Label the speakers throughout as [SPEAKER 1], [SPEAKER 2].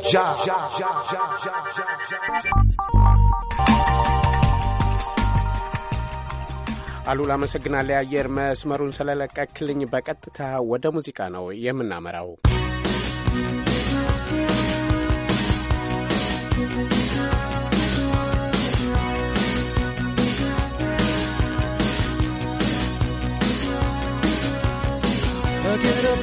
[SPEAKER 1] já, já, já, já, já, já, já.
[SPEAKER 2] አሉላ አመሰግናለሁ። የአየር መስመሩን ስለለቀክልኝ በቀጥታ ወደ ሙዚቃ ነው የምናመራው።
[SPEAKER 3] Get up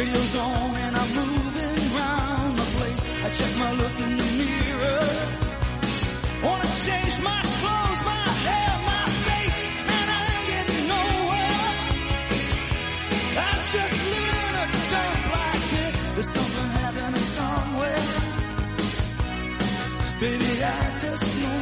[SPEAKER 3] Radio's on and I'm moving round the place. I check my look in the mirror. Wanna change my clothes, my hair, my face, and I ain't getting nowhere. I'm just living in a dump like this. There's something happening somewhere. Baby, I just know.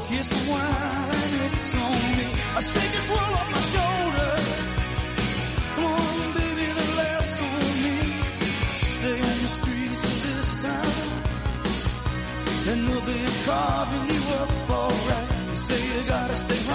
[SPEAKER 3] darkest wine, it's on me. I shake this world off my shoulders. Come on, baby, the laughs on me. Stay on the streets of this town. And they'll be carving you up alright. You say you gotta stay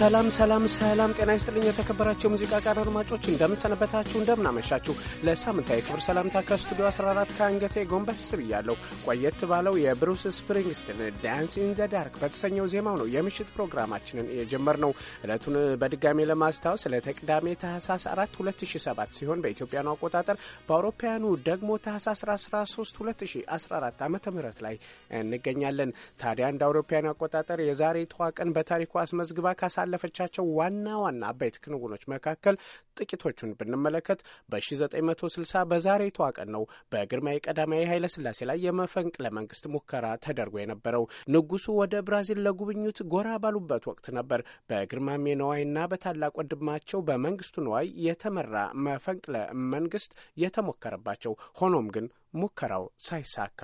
[SPEAKER 2] ሰላም ሰላም ሰላም፣ ጤና ይስጥልኝ የተከበራቸው ሙዚቃ ቃር አድማጮች እንደምንሰነበታችሁ፣ እንደምናመሻችሁ። ለሳምንታዊ ክብር ሰላምታ ከስቱዲዮ 14 ከአንገቴ ጎንበስ ብያለሁ። ቆየት ባለው የብሩስ ስፕሪንግስትን ዳንስ ኢን ዘ ዳርክ በተሰኘው ዜማው ነው የምሽት ፕሮግራማችንን የጀመርነው። ዕለቱን በድጋሚ ለማስታወስ ለተቅዳሜ ቅዳሜ ታህሳስ 4 2007 ሲሆን በኢትዮጵያኑ አቆጣጠር በአውሮፓውያኑ ደግሞ ታህሳስ 13 2014 ዓ ም ላይ እንገኛለን። ታዲያ እንደ አውሮፓውያኑ አቆጣጠር የዛሬ ተዋቀን በታሪኩ አስመዝግባ ካሳ ካለፈቻቸው ዋና ዋና አበይት ክንውኖች መካከል ጥቂቶቹን ብንመለከት በ1960 በዛሬቷ ቀን ነው በግርማዊ ቀዳማዊ ኃይለሥላሴ ላይ የመፈንቅለ መንግስት ሙከራ ተደርጎ የነበረው። ንጉሱ ወደ ብራዚል ለጉብኝት ጎራ ባሉበት ወቅት ነበር በግርማሜ ነዋይና በታላቅ ወንድማቸው በመንግስቱ ነዋይ የተመራ መፈንቅለ መንግስት የተሞከረባቸው። ሆኖም ግን ሙከራው ሳይሳካ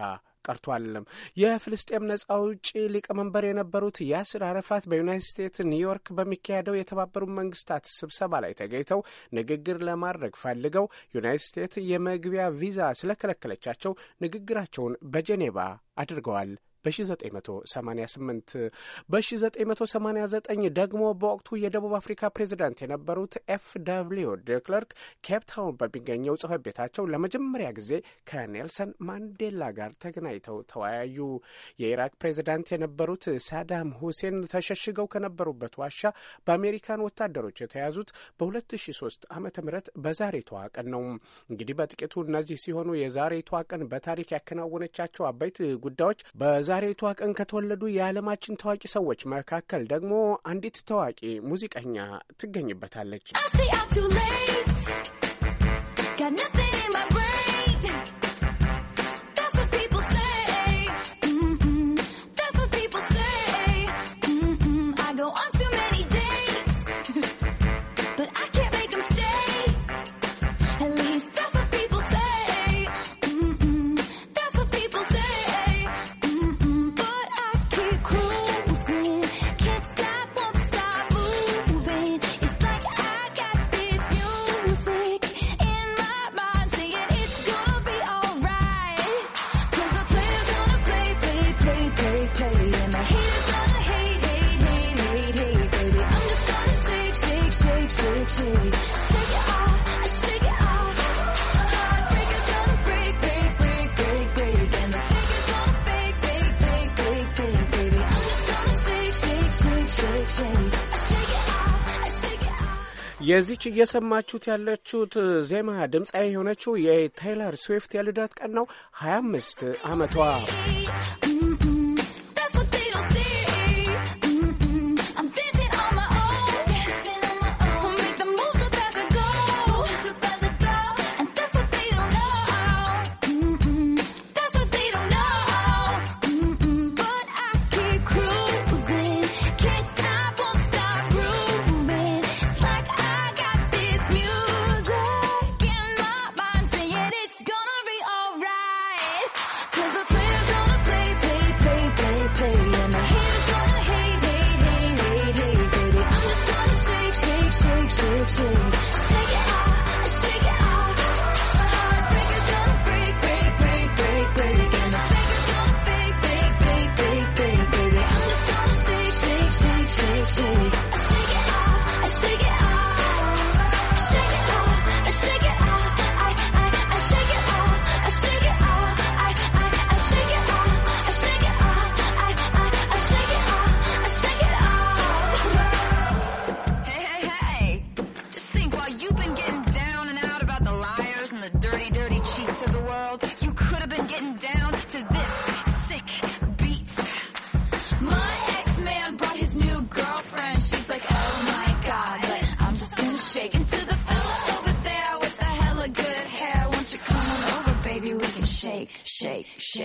[SPEAKER 2] ቀርቷል። የፍልስጤም ነጻ አውጪ ሊቀመንበር የነበሩት ያስር አረፋት በዩናይት ስቴትስ ኒውዮርክ በሚካሄደው የተባበሩት መንግስታት ስብሰባ ላይ ተገኝተው ንግግር ለማድረግ ፈልገው ዩናይት ስቴትስ የመግቢያ ቪዛ ስለከለከለቻቸው ንግግራቸውን በጀኔባ አድርገዋል። በ1988 በ1989 ደግሞ በወቅቱ የደቡብ አፍሪካ ፕሬዚዳንት የነበሩት ኤፍ ደብልዩ ኬፕታውን በሚገኘው ጽህፈት ቤታቸው ለመጀመሪያ ጊዜ ከኔልሰን ማንዴላ ጋር ተገናኝተው ተወያዩ። የኢራቅ ፕሬዚዳንት የነበሩት ሳዳም ሁሴን ተሸሽገው ከነበሩበት ዋሻ በአሜሪካን ወታደሮች የተያዙት በ2003 ዓ ም በዛሬቷ ቀን ነው። እንግዲህ በጥቂቱ እነዚህ ሲሆኑ የዛሬቷ ቀን በታሪክ ያከናወነቻቸው አበይት ጉዳዮች በዛ በዛሬቷ ቀን ከተወለዱ የዓለማችን ታዋቂ ሰዎች መካከል ደግሞ አንዲት ታዋቂ ሙዚቀኛ ትገኝበታለች። የዚች እየሰማችሁት ያለችሁት ዜማ ድምፃዊ የሆነችው የታይለር ስዊፍት የልደት ቀን ነው። 25 ዓመቷ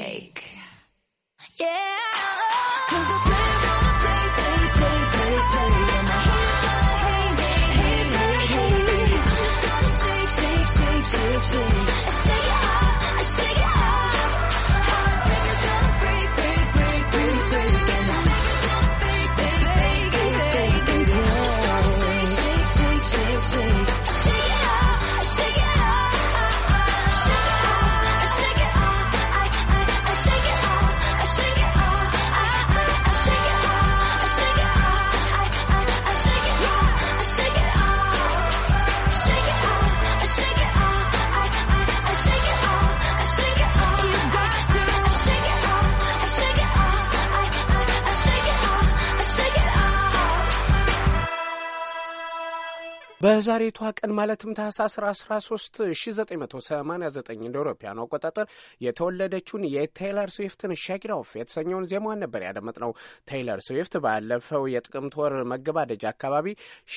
[SPEAKER 4] shake. Yeah. the players to play, play, play, play, play. And haters gonna hate, hate, hate, hate. I'm just gonna shake, shake, shake, shake, shake.
[SPEAKER 2] በዛሬቷ ቀን ማለትም ታህሳስ 13 1989 እንደ አውሮፓውያኑ አቆጣጠር የተወለደችውን የቴይለር ስዊፍትን ሻኪራ ኦፍ የተሰኘውን ዜማዋን ነበር ያደመጥነው። ቴይለር ስዊፍት ባለፈው የጥቅምት ወር መገባደጃ አካባቢ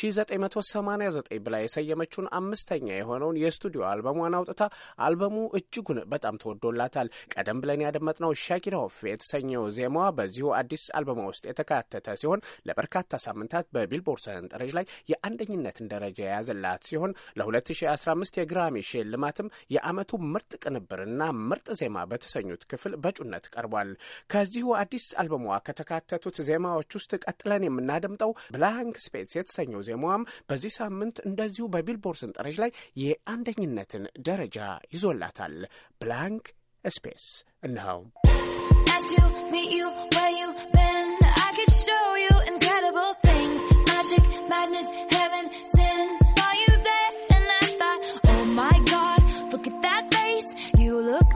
[SPEAKER 2] 1989 ብላ የሰየመችውን አምስተኛ የሆነውን የስቱዲዮ አልበሟን አውጥታ አልበሙ እጅጉን በጣም ተወዶላታል። ቀደም ብለን ያደመጥነው ሻኪራ ኦፍ የተሰኘው ዜማዋ በዚሁ አዲስ አልበሟ ውስጥ የተካተተ ሲሆን ለበርካታ ሳምንታት በቢልቦርድ ሰንጠረዥ ላይ የአንደኝነትን ደረጃ ደረጃ የያዘላት ሲሆን ለ2015 የግራሚ ሽልማትም የአመቱ ምርጥ ቅንብርና ምርጥ ዜማ በተሰኙት ክፍል በእጩነት ቀርቧል። ከዚሁ አዲስ አልበሟ ከተካተቱት ዜማዎች ውስጥ ቀጥለን የምናደምጠው ብላንክ ስፔስ የተሰኘው ዜማዋም በዚህ ሳምንት እንደዚሁ በቢልቦርድ ሰንጠረዥ ላይ የአንደኝነትን ደረጃ ይዞላታል። ብላንክ ስፔስ እንኸው።
[SPEAKER 4] madness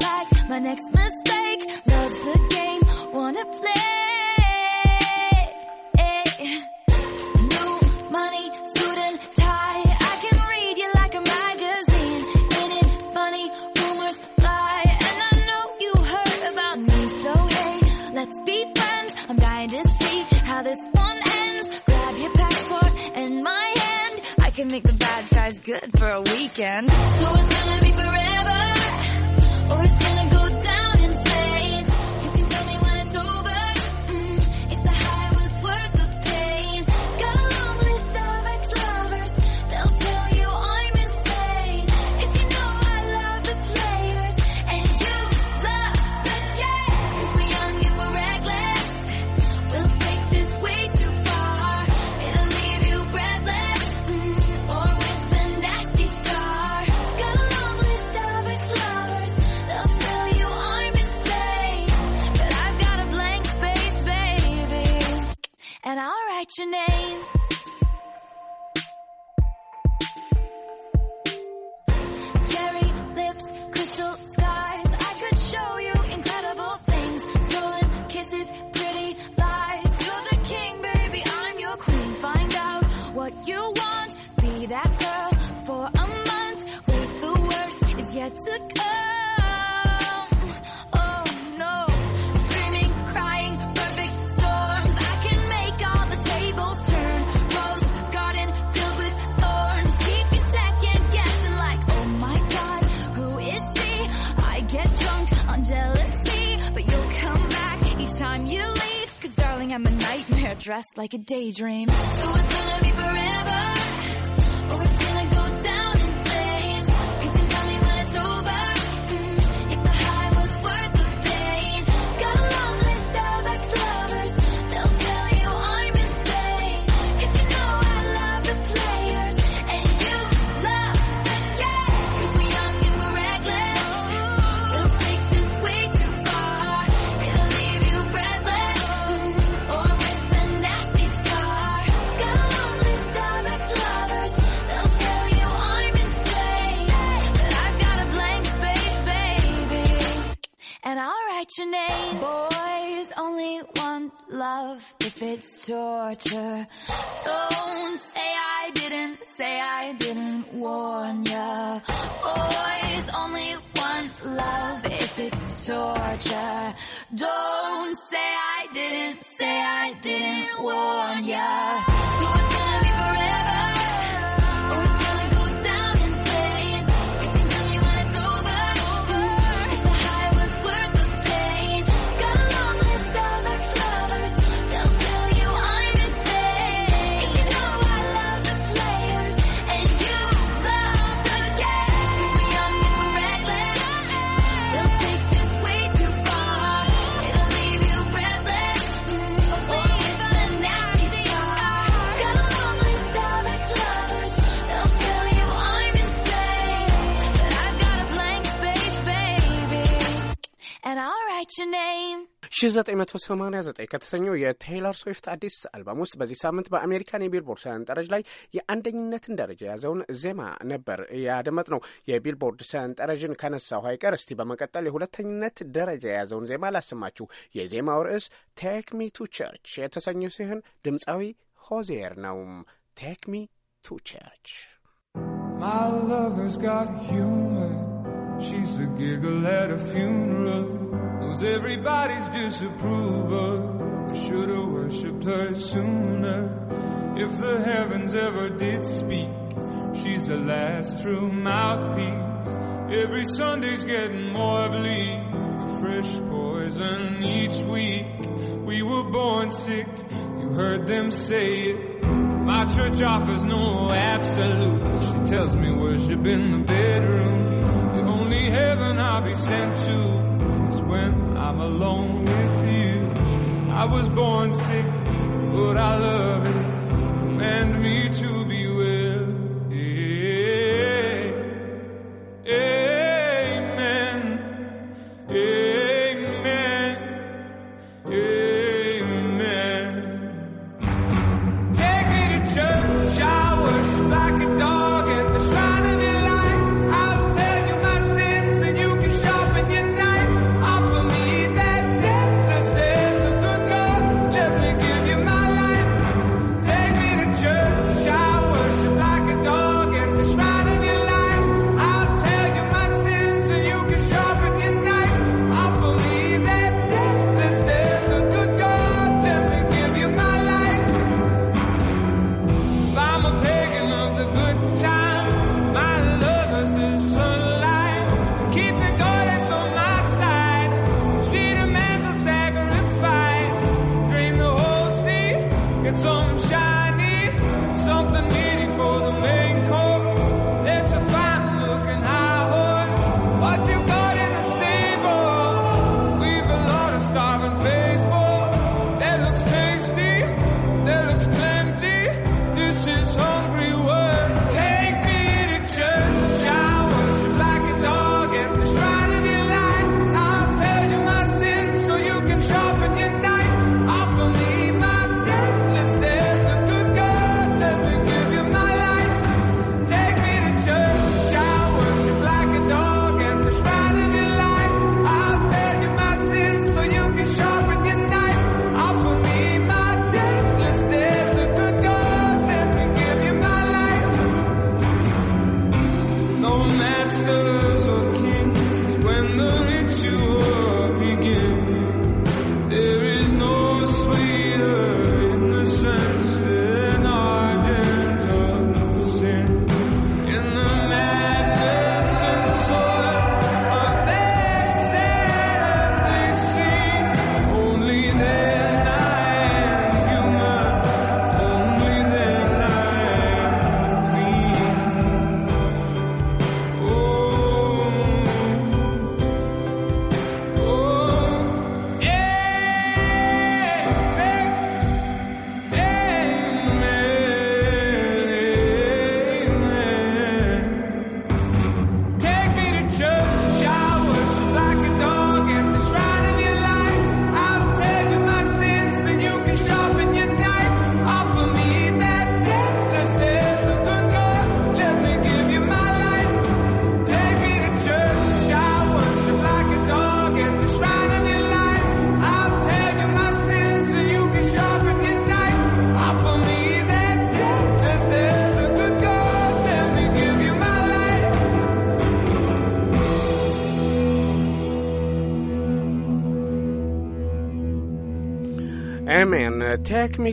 [SPEAKER 4] like my next mistake. Love's a game, wanna play. New money, student tie. I can read you like a magazine. In it, funny rumors lie, and I know you heard about me. So hey, let's be friends. I'm dying to see how this one ends. Grab your passport and my hand. I can make the bad guys good for a weekend. So it's gonna be forever. yet to come. Oh no, screaming, crying, perfect storms. I can make all the tables turn. Rose garden filled with thorns. Keep you second guessing, like, oh my god, who is she? I get drunk on jealousy, but you'll come back each time you leave. Cause darling, I'm a nightmare dressed like a daydream. So it's gonna be forever.
[SPEAKER 2] 1989 ከተሰኘው የቴይለር ስዊፍት አዲስ አልበም ውስጥ በዚህ ሳምንት በአሜሪካን የቢልቦርድ ሰንጠረዥ ላይ የአንደኝነትን ደረጃ የያዘውን ዜማ ነበር ያደመጥ ነው። የቢልቦርድ ሰንጠረዥን ከነሳው አይቀር እስቲ በመቀጠል የሁለተኝነት ደረጃ የያዘውን ዜማ ላሰማችሁ። የዜማው ርዕስ ቴክ ሚ ቱ ቸርች የተሰኘ ሲሆን ድምፃዊ ሆዜር ነው። ቴክ ሚ ቱ ቸርች
[SPEAKER 5] My lover's got humor. She's a giggle at a funeral. knows everybody's disapproval. I should've worshipped her sooner. If the heavens ever did speak, she's the last true mouthpiece. Every Sunday's getting more bleak, a fresh poison each week. We were born sick, you heard them say it. My church offers no absolutes. She tells me worship in the bedroom, the only heaven I'll be sent to alone with you. I was born sick, but I love it. Command me to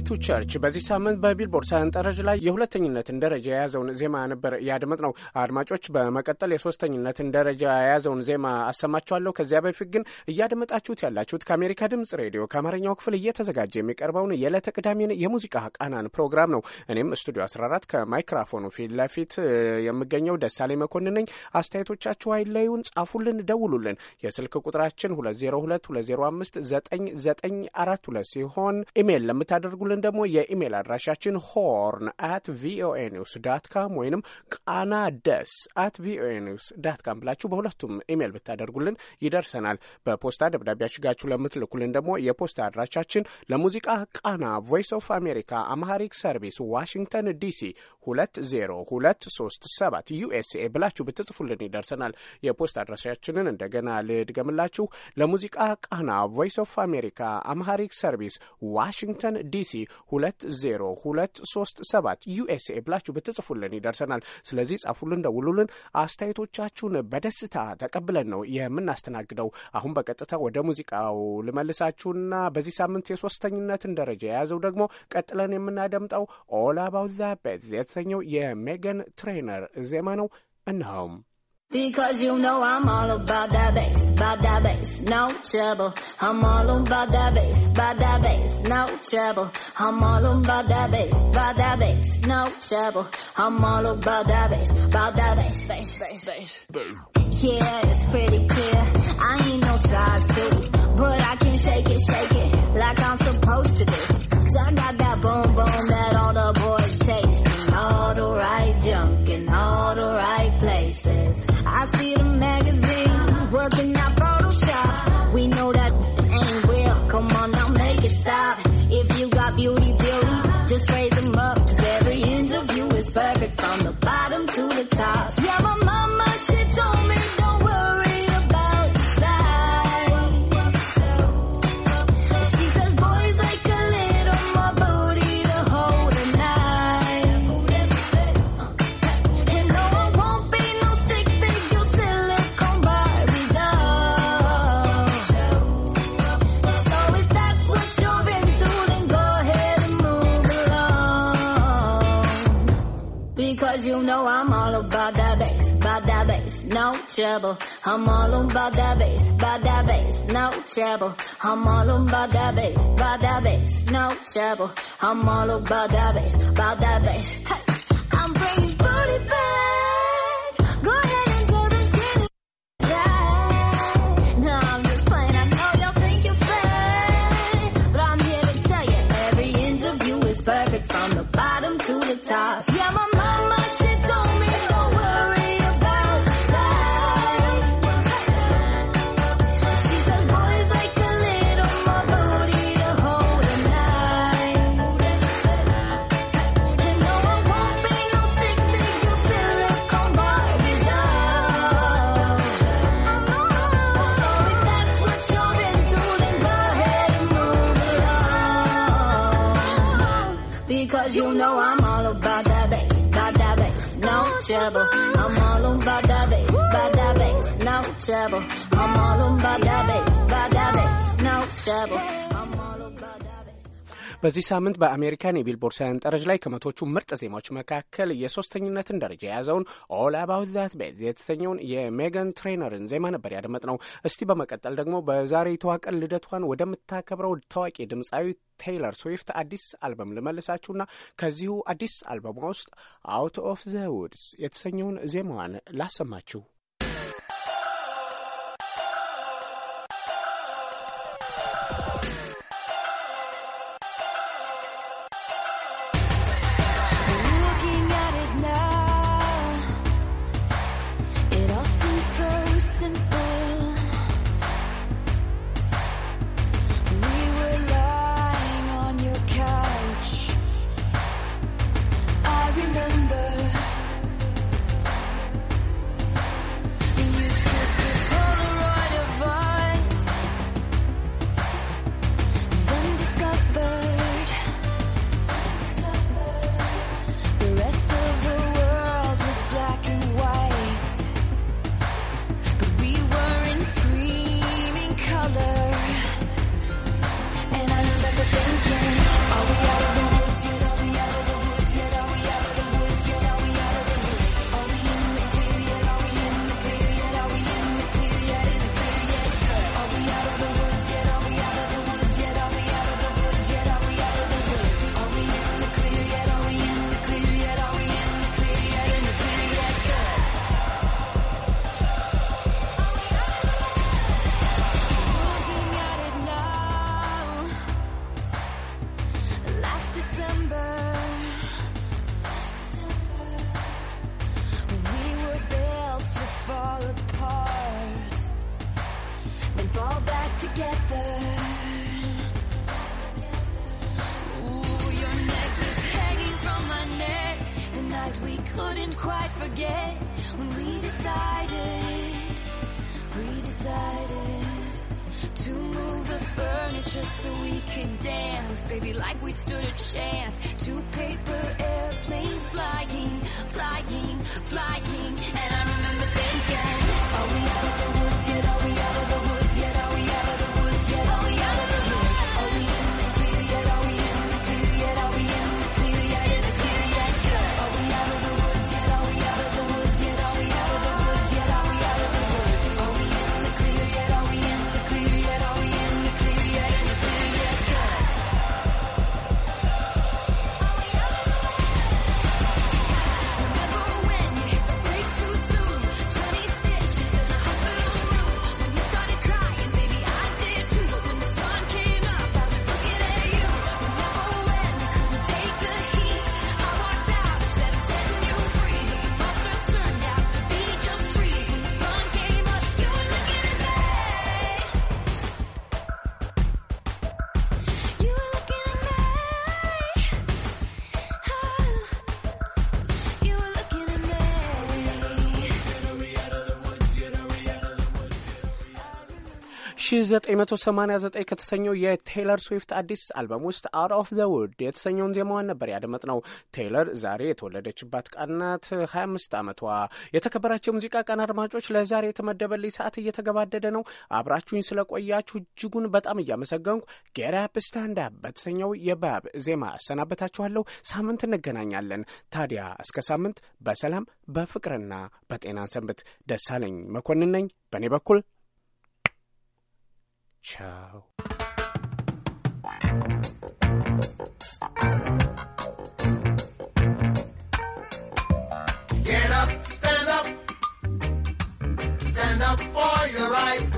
[SPEAKER 2] ቱ ቸርች በዚህ ሳምንት በቢልቦርድ ሰንጠረዥ ላይ የሁለተኝነትን ደረጃ የያዘውን ዜማ ነበር ያድመጥ ነው። አድማጮች በመቀጠል የሶስተኝነትን ደረጃ የያዘውን ዜማ አሰማችኋለሁ። ከዚያ በፊት ግን እያደመጣችሁት ያላችሁት ከአሜሪካ ድምጽ ሬዲዮ ከአማርኛው ክፍል እየተዘጋጀ የሚቀርበውን የዕለተ ቅዳሜን የሙዚቃ ቃናን ፕሮግራም ነው። እኔም ስቱዲዮ 14 ከማይክራፎኑ ፊት ለፊት የምገኘው ደሳሌ መኮንን ነኝ። አስተያየቶቻችሁ አይለዩን፣ ጻፉልን፣ ደውሉልን። የስልክ ቁጥራችን 2022059942 ሲሆን ኢሜይል ለምታ የምታደርጉልን ደግሞ የኢሜይል አድራሻችን ሆርን አት ቪኦኤ ኒውስ ዳት ካም ወይንም ቃና ደስ አት ቪኦኤ ኒውስ ዳት ካም ብላችሁ በሁለቱም ኢሜይል ብታደርጉልን ይደርሰናል። በፖስታ ደብዳቤ አሽጋችሁ ለምትልኩልን ደግሞ የፖስታ አድራሻችን ለሙዚቃ ቃና ቮይስ ኦፍ አሜሪካ አማሃሪክ ሰርቪስ ዋሽንግተን ዲሲ 20237 ዩኤስኤ ብላችሁ ብትጽፉልን ይደርሰናል። የፖስት አድራሻችንን እንደገና ልድገምላችሁ። ለሙዚቃ ቃና ቮይስ ኦፍ አሜሪካ አምሃሪክ ሰርቪስ ዋሽንግተን ዲሲ ሁለት ዜሮ ዩኤስኤ ብላችሁ ብትጽፉልን ይደርሰናል። ስለዚህ ጻፉልን፣ ደውሉልን። አስተያየቶቻችሁን በደስታ ተቀብለን ነው የምናስተናግደው። አሁን በቀጥታ ወደ ሙዚቃው ልመልሳችሁና በዚህ ሳምንት የሶስተኝነትን ደረጃ የያዘው ደግሞ ቀጥለን የምናደምጠው ኦላባውዛ አባውት የተሰኘው የሜገን ትሬነር ዜማ ነው። እናውም
[SPEAKER 6] Because you know I'm all about that bass, about that bass, no trouble. I'm all about that bass, about that bass, no trouble. I'm all about that bass, about that bass, no trouble. I'm all about that bass, about that bass, bass, bass, bass. Yeah, it's pretty clear. I ain't no size two, but I can shake it, shake it like I'm supposed to do. trouble. I'm all on by that bass, by that bass, no trouble. I'm all on by that bass, by that bass, no trouble. I'm all on by that bass, by that bass. Hey, I'm bringing treble. I'm all on by that bass, by that bass, no trouble, I'm all on by that bass, by that bass, no trouble.
[SPEAKER 2] በዚህ ሳምንት በአሜሪካን የቢልቦርድ ሰንጠረዥ ላይ ከመቶቹ ምርጥ ዜማዎች መካከል የሶስተኝነትን ደረጃ የያዘውን ኦል አባውት ዛት ቤዝ የተሰኘውን የሜገን ትሬነርን ዜማ ነበር ነው። እስቲ በመቀጠል ደግሞ በዛሬ የተዋቀን ልደቷን ወደምታከብረው ታዋቂ ድምፃዊ ቴይለር ስዊፍት አዲስ አልበም ልመልሳችሁና ከዚሁ አዲስ አልበሟ ውስጥ አውት ኦፍ ዘ ውድስ የተሰኘውን ዜማዋን ላሰማችሁ።
[SPEAKER 4] just so we can dance, baby, like we stood a chance. Two paper airplanes flying, flying, flying. And I remember thinking, are we out of the woods yet? Are we out of the woods yet?
[SPEAKER 2] 1989 ከተሰኘው የቴይለር ስዊፍት አዲስ አልበም ውስጥ አውት ኦፍ ዘ ውድ የተሰኘውን ዜማዋን ነበር ያደመጥ ነው። ቴይለር ዛሬ የተወለደችባት ቀን ናት፣ 25 ዓመቷ። የተከበራቸው የሙዚቃ ቀን አድማጮች፣ ለዛሬ የተመደበልኝ ሰዓት እየተገባደደ ነው። አብራችሁኝ ስለቆያችሁ እጅጉን በጣም እያመሰገንኩ ጌት ስታንዳ በተሰኘው የባብ ዜማ አሰናበታችኋለሁ። ሳምንት እንገናኛለን። ታዲያ እስከ ሳምንት በሰላም በፍቅርና በጤናን ሰንብት። ደሳለኝ መኮንን ነኝ በእኔ በኩል Ciao. Get
[SPEAKER 1] up, stand up, stand up for your right.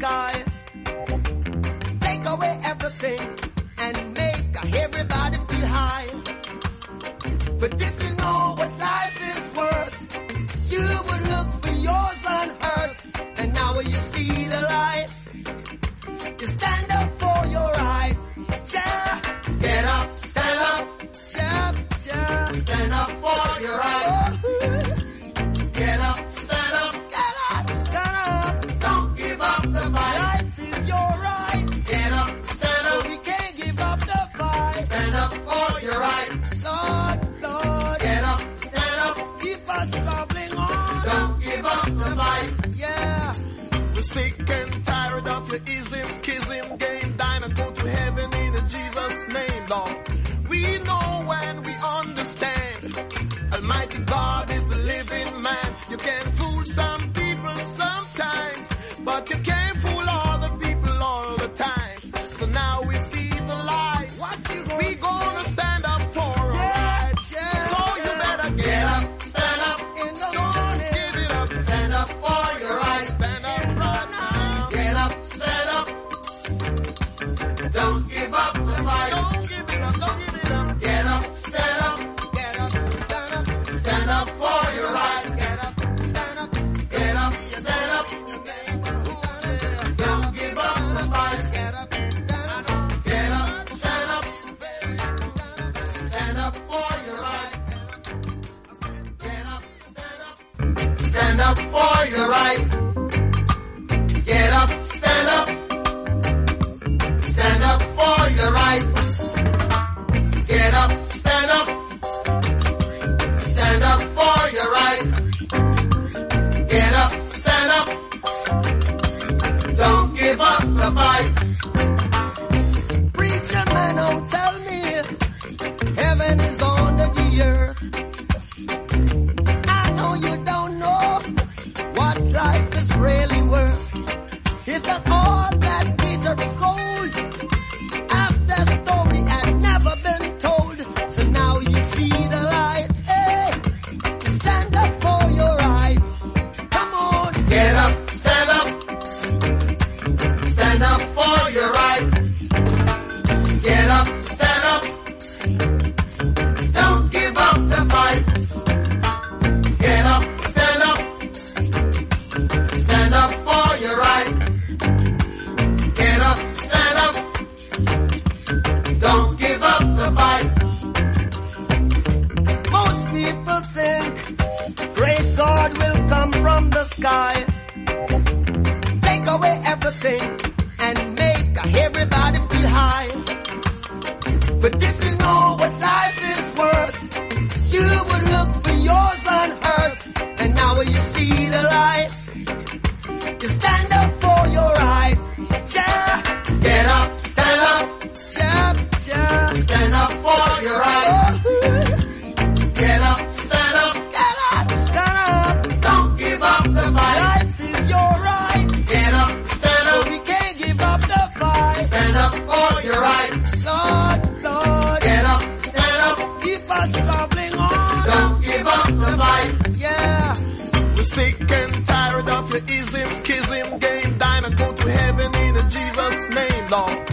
[SPEAKER 1] sky. Take away everything and make everybody feel high. But Sick and tired of your ism, schism, game. Bye. Sick and tired of your ism, schism game. Dying and go to heaven in Jesus' name, Lord.